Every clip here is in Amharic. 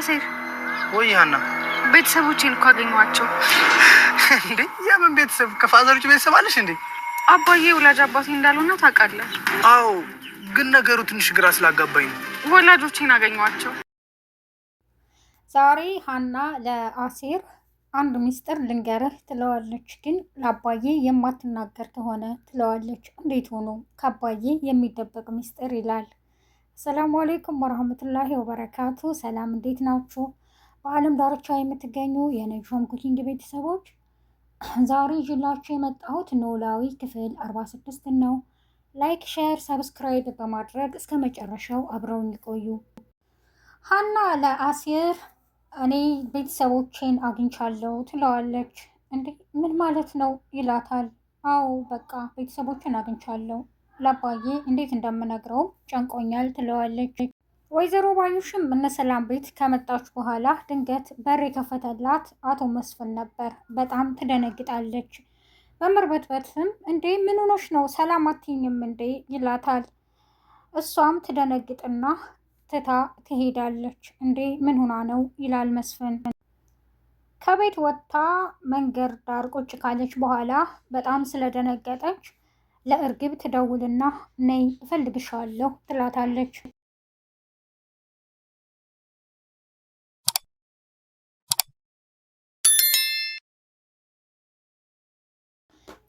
አሴር ወይ ሀና ቤተሰቦቼን እኮ አገኘኋቸው። እንዴ የምን ቤተሰብ? ከፋዘር ውጭ ቤተሰብ አለሽ እንዴ? አባዬ ወላጅ አባቴ እንዳልሆነ ታውቃለህ? አዎ፣ ግን ነገሩ ትንሽ ግራ ስላጋባኝ ነው። ወላጆቼን አገኘኋቸው። ዛሬ ሀና ለአሴር አንድ ሚስጥር ልንገርህ ትለዋለች። ግን ለአባዬ የማትናገር ከሆነ ትለዋለች። እንዴት ሆኖ ከአባዬ የሚደበቅ ሚስጥር ይላል ሰላም አሌይኩም ወረህመቱላሂ ወበረካቱ። ሰላም እንዴት ናችሁ? በዓለም ዳርቻ የምትገኙ የነጆም ኩኪንግ ቤተሰቦች ዛሬ ይዤላችሁ የመጣሁት ኖላዊ ክፍል 46 ነው። ላይክ፣ ሼር፣ ሰብስክራይብ በማድረግ እስከ መጨረሻው አብረውን ይቆዩ። ሀና ለአሲር እኔ ቤተሰቦቼን አግኝቻለሁ ትለዋለች። እንዴ ምን ማለት ነው ይላታል። አዎ በቃ ቤተሰቦችን አግኝቻለሁ ለአባዬ እንዴት እንደምነግረው ጨንቆኛል ትለዋለች። ወይዘሮ ባዩሽም እነ ሰላም ቤት ከመጣች በኋላ ድንገት በር የከፈተላት አቶ መስፍን ነበር። በጣም ትደነግጣለች። በመርበትበትም እንዴ ምን ሆኖሽ ነው ሰላም አትይኝም እንዴ ይላታል። እሷም ትደነግጥና ትታ ትሄዳለች። እንዴ ምን ሆና ነው ይላል መስፍን። ከቤት ወጥታ መንገድ ዳር ቁጭ ካለች በኋላ በጣም ስለደነገጠች ለእርግብ ትደውልና ነይ እፈልግሻለሁ ትላታለች።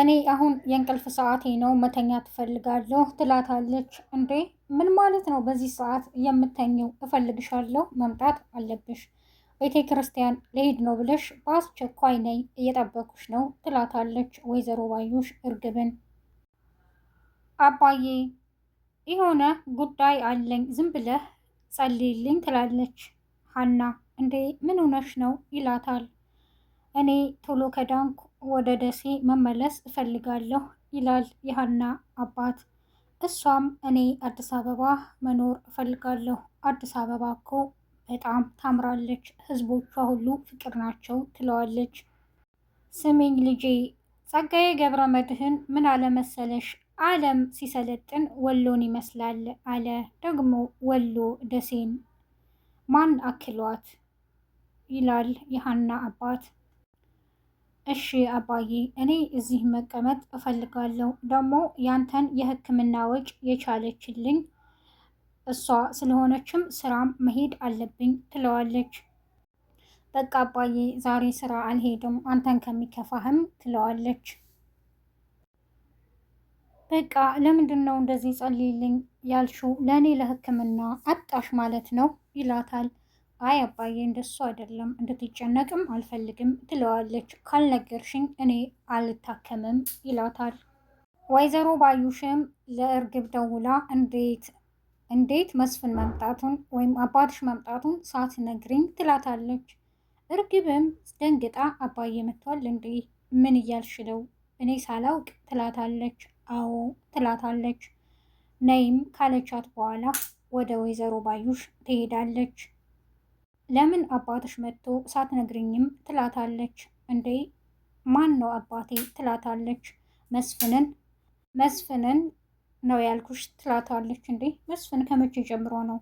እኔ አሁን የእንቅልፍ ሰዓቴ ነው፣ መተኛ ትፈልጋለሁ ትላታለች። እንዴ ምን ማለት ነው በዚህ ሰዓት የምተኘው? እፈልግሻለሁ፣ መምጣት አለብሽ። ቤተ ክርስቲያን ልሄድ ነው ብለሽ በአስቸኳይ ነይ፣ እየጠበኩሽ ነው ትላታለች ወይዘሮ ባዩሽ እርግብን። አባዬ የሆነ ጉዳይ አለኝ ዝም ብለህ ጸልይልኝ ትላለች ሀና። እንዴ ምን ሆነሽ ነው ይላታል። እኔ ቶሎ ከዳንኩ ወደ ደሴ መመለስ እፈልጋለሁ ይላል የሀና አባት። እሷም እኔ አዲስ አበባ መኖር እፈልጋለሁ፣ አዲስ አበባ እኮ በጣም ታምራለች፣ ህዝቦቿ ሁሉ ፍቅር ናቸው ትለዋለች። ስሜኝ ልጄ ጸጋዬ ገብረ መድህን ምን አለመሰለሽ ዓለም ሲሰለጥን ወሎን ይመስላል አለ። ደግሞ ወሎ ደሴን ማን አክሏት ይላል የሀና አባት። እሺ አባዬ፣ እኔ እዚህ መቀመጥ እፈልጋለሁ። ደግሞ ያንተን የሕክምና ወጪ የቻለችልኝ እሷ ስለሆነችም ስራም መሄድ አለብኝ ትለዋለች። በቃ አባዬ፣ ዛሬ ስራ አልሄድም አንተን ከሚከፋህም ትለዋለች። በቃ ለምንድን ነው እንደዚህ ጸልይልኝ ያልሽው? ለእኔ ለሕክምና አጣሽ ማለት ነው ይላታል። አይ አባዬ እንደሱ አይደለም እንድትጨነቅም አልፈልግም ትለዋለች። ካልነገርሽኝ እኔ አልታከምም ይላታል። ወይዘሮ ባዩሽም ለእርግብ ደውላ እንዴት እንዴት መስፍን መምጣቱን ወይም አባትሽ መምጣቱን ሳትነግሪኝ ትላታለች። እርግብም ደንግጣ አባዬ መጥቷል እንዴ? ምን እያልሽ ነው? እኔ ሳላውቅ ትላታለች። አዎ ትላታለች። ነይም ካለቻት በኋላ ወደ ወይዘሮ ባዩሽ ትሄዳለች። ለምን አባትሽ መጥቶ ሳትነግርኝም ትላታለች። እንዴ ማን ነው አባቴ ትላታለች። መስፍንን መስፍንን ነው ያልኩሽ ትላታለች። እንዴ መስፍን ከመቼ ጀምሮ ነው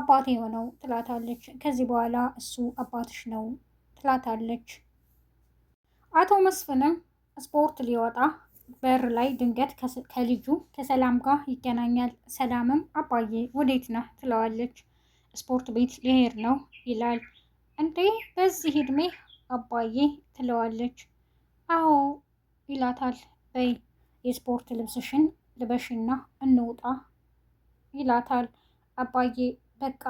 አባቴ የሆነው ትላታለች። ከዚህ በኋላ እሱ አባትሽ ነው ትላታለች። አቶ መስፍንም ስፖርት ሊወጣ በር ላይ ድንገት ከልጁ ከሰላም ጋር ይገናኛል። ሰላምም አባዬ ወዴት ነህ ትለዋለች። ስፖርት ቤት ልሄድ ነው ይላል። እንዴ በዚህ እድሜ አባዬ ትለዋለች። አዎ ይላታል። በይ የስፖርት ልብስሽን ልበሽና እንውጣ ይላታል። አባዬ በቃ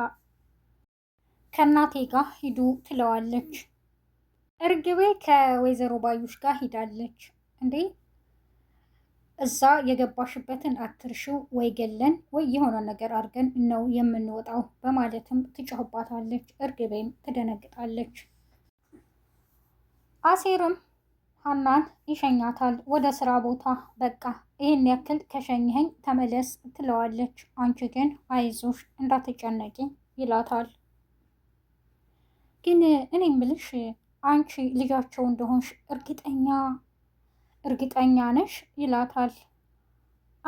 ከእናቴ ጋር ሂዱ ትለዋለች። እርግቤ ከወይዘሮ ባዩሽ ጋር ሂዳለች። እንዴ እዛ የገባሽበትን አትርሽው፣ ወይ ገለን ወይ የሆነ ነገር አድርገን ነው የምንወጣው በማለትም ትጮህባታለች። እርግቤም ትደነግጣለች። አሴርም ሀናን ይሸኛታል ወደ ስራ ቦታ። በቃ ይህን ያክል ከሸኝህኝ ተመለስ ትለዋለች። አንቺ ግን አይዞሽ እንዳትጨነቂ ይላታል። ግን እኔ ምልሽ አንቺ ልጃቸው እንደሆንሽ እርግጠኛ እርግጠኛ ነሽ ይላታል።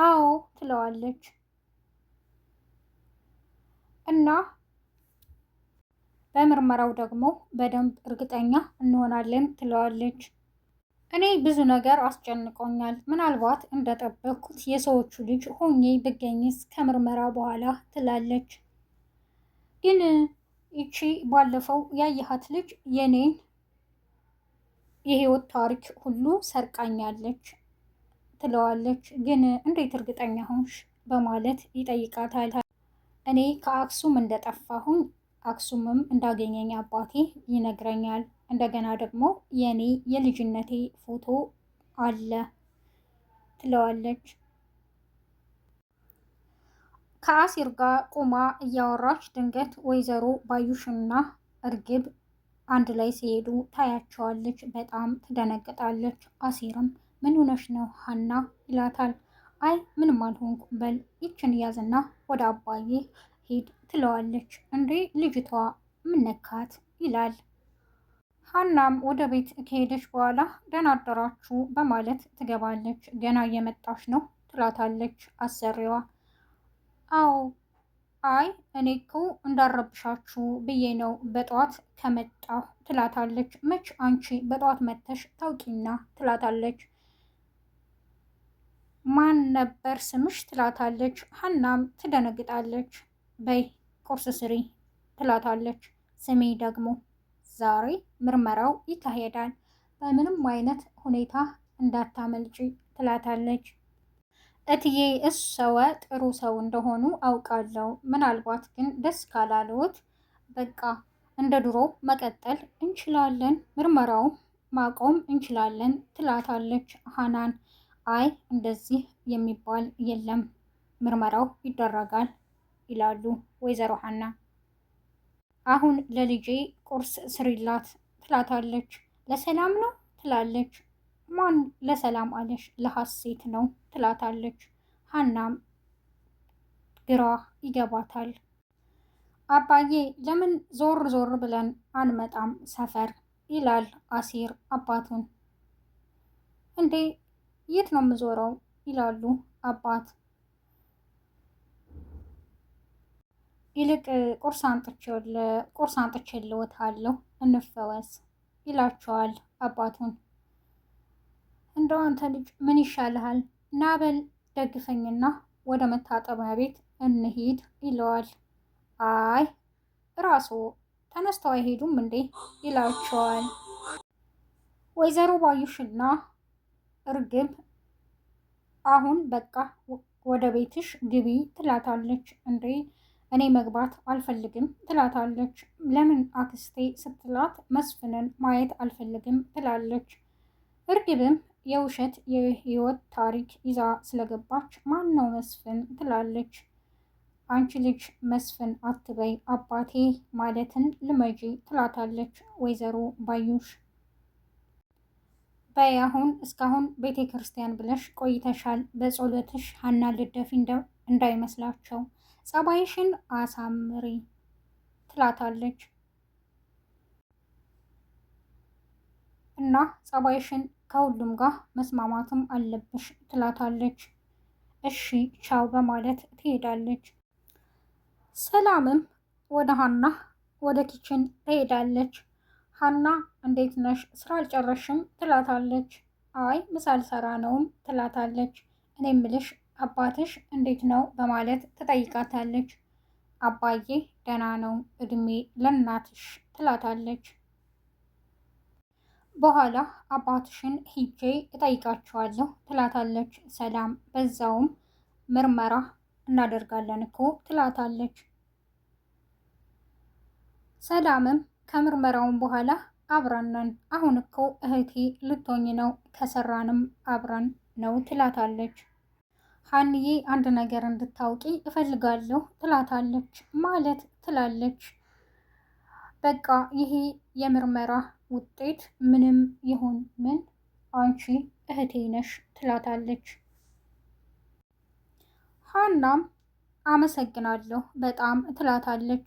አዎ ትለዋለች እና በምርመራው ደግሞ በደንብ እርግጠኛ እንሆናለን ትለዋለች። እኔ ብዙ ነገር አስጨንቆኛል። ምናልባት እንደጠበኩት የሰዎቹ ልጅ ሆኜ ብገኝስ ከምርመራ በኋላ ትላለች። ግን ይቺ ባለፈው ያየሃት ልጅ የኔን የህይወት ታሪክ ሁሉ ሰርቃኛለች ትለዋለች። ግን እንዴት እርግጠኛ ሆንሽ በማለት ይጠይቃታል። እኔ ከአክሱም እንደጠፋሁኝ አክሱምም እንዳገኘኝ አባቴ ይነግረኛል። እንደገና ደግሞ የእኔ የልጅነቴ ፎቶ አለ ትለዋለች። ከአሲር ጋር ቁማ እያወራች ድንገት ወይዘሮ ባዩሽና እርግብ አንድ ላይ ሲሄዱ ታያቸዋለች። በጣም ትደነግጣለች። አሲርም ምን ሆነሽ ነው ሀና ይላታል። አይ ምንም አልሆንኩ፣ በል ይችን ያዝና ወደ አባዬ ሂድ ትለዋለች። እንዴ ልጅቷ ምነካት ይላል። ሀናም ወደ ቤት ከሄደች በኋላ ደህና አደራችሁ በማለት ትገባለች። ገና እየመጣች ነው ትላታለች አሰሪዋ። አዎ አይ እኔ እኮ እንዳረብሻችሁ ብዬ ነው በጠዋት ከመጣሁ ትላታለች። መች አንቺ በጠዋት መተሽ ታውቂና ትላታለች። ማን ነበር ስምሽ ትላታለች። ሀናም ትደነግጣለች። በይ ቁርስ ስሪ ትላታለች። ስሜ ደግሞ ዛሬ ምርመራው ይካሄዳል፣ በምንም አይነት ሁኔታ እንዳታመልጪ ትላታለች። እትዬ እሸወ ጥሩ ሰው እንደሆኑ አውቃለሁ። ምናልባት ግን ደስ ካላለዎት በቃ እንደ ድሮ መቀጠል እንችላለን፣ ምርመራው ማቆም እንችላለን ትላታለች ሀናን። አይ እንደዚህ የሚባል የለም ምርመራው ይደረጋል ይላሉ ወይዘሮ ሀና። አሁን ለልጄ ቁርስ ስሪላት ትላታለች። ለሰላም ነው ትላለች ማን ለሰላም አለሽ ለሀሴት ነው ትላታለች። ሀናም ግራ ይገባታል። አባዬ ለምን ዞር ዞር ብለን አንመጣም ሰፈር ይላል አሲር አባቱን። እንዴ የት ነው የምዞረው ይላሉ አባት። ይልቅ ቁርስ አንጥቼ ልወታለሁ እንፈወስ ይላቸዋል አባቱን እንደው አንተ ልጅ ምን ይሻልሃል? ናበል ደግፈኝና ወደ መታጠቢያ ቤት እንሂድ ይለዋል። አይ ራሱ ተነስተው አይሄዱም እንዴ ይላቸዋል። ወይዘሮ ባዩሽና እርግብ አሁን በቃ ወደ ቤትሽ ግቢ ትላታለች። እንዴ እኔ መግባት አልፈልግም ትላታለች። ለምን አክስቴ ስትላት መስፍንን ማየት አልፈልግም ትላለች። እርግብም የውሸት የህይወት ታሪክ ይዛ ስለገባች ማን ነው መስፍን ትላለች። አንቺ ልጅ መስፍን አትበይ አባቴ ማለትን ልመጂ ትላታለች ወይዘሮ ባዩሽ። በይ አሁን እስካሁን ቤተ ክርስቲያን ብለሽ ቆይተሻል። በጸሎትሽ ሀና ልደፊ እንዳይመስላቸው ጸባይሽን አሳምሪ ትላታለች እና ጸባይሽን ከሁሉም ጋር መስማማትም አለብሽ ትላታለች። እሺ ቻው በማለት ትሄዳለች። ሰላምም ወደ ሀና ወደ ኪችን ትሄዳለች። ሀና እንዴት ነሽ? ስራ አልጨረሽም? ትላታለች። አይ ምሳ ልሰራ ነውም ትላታለች። እኔ ምልሽ አባትሽ እንዴት ነው? በማለት ትጠይቃታለች። አባዬ ደህና ነው፣ እድሜ ለእናትሽ ትላታለች። በኋላ አባትሽን ሂጄ እጠይቃቸዋለሁ ትላታለች ሰላም። በዛውም ምርመራ እናደርጋለን እኮ ትላታለች። ሰላምም ከምርመራውን በኋላ አብረን አሁን እኮ እህቴ ልትሆኝ ነው፣ ከሰራንም አብረን ነው ትላታለች። ሀንዬ አንድ ነገር እንድታውቂ እፈልጋለሁ ትላታለች። ማለት ትላለች። በቃ ይሄ የምርመራ ውጤት ምንም ይሁን ምን አንቺ እህቴ ነሽ ትላታለች። ሀናም አመሰግናለሁ በጣም ትላታለች።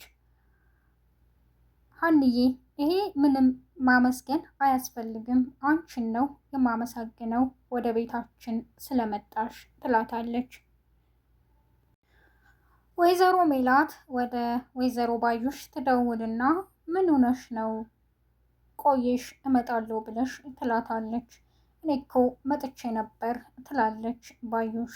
ሀንዬ ይሄ ምንም ማመስገን አያስፈልግም፣ አንቺን ነው የማመሰግነው ወደ ቤታችን ስለመጣሽ ትላታለች። ወይዘሮ ሜላት ወደ ወይዘሮ ባዩሽ ትደውልና ምን ሆነሽ ነው ቆየሽ እመጣለሁ ብለሽ ትላታለች። እኔ እኮ መጥቼ ነበር ትላለች ባዩሽ።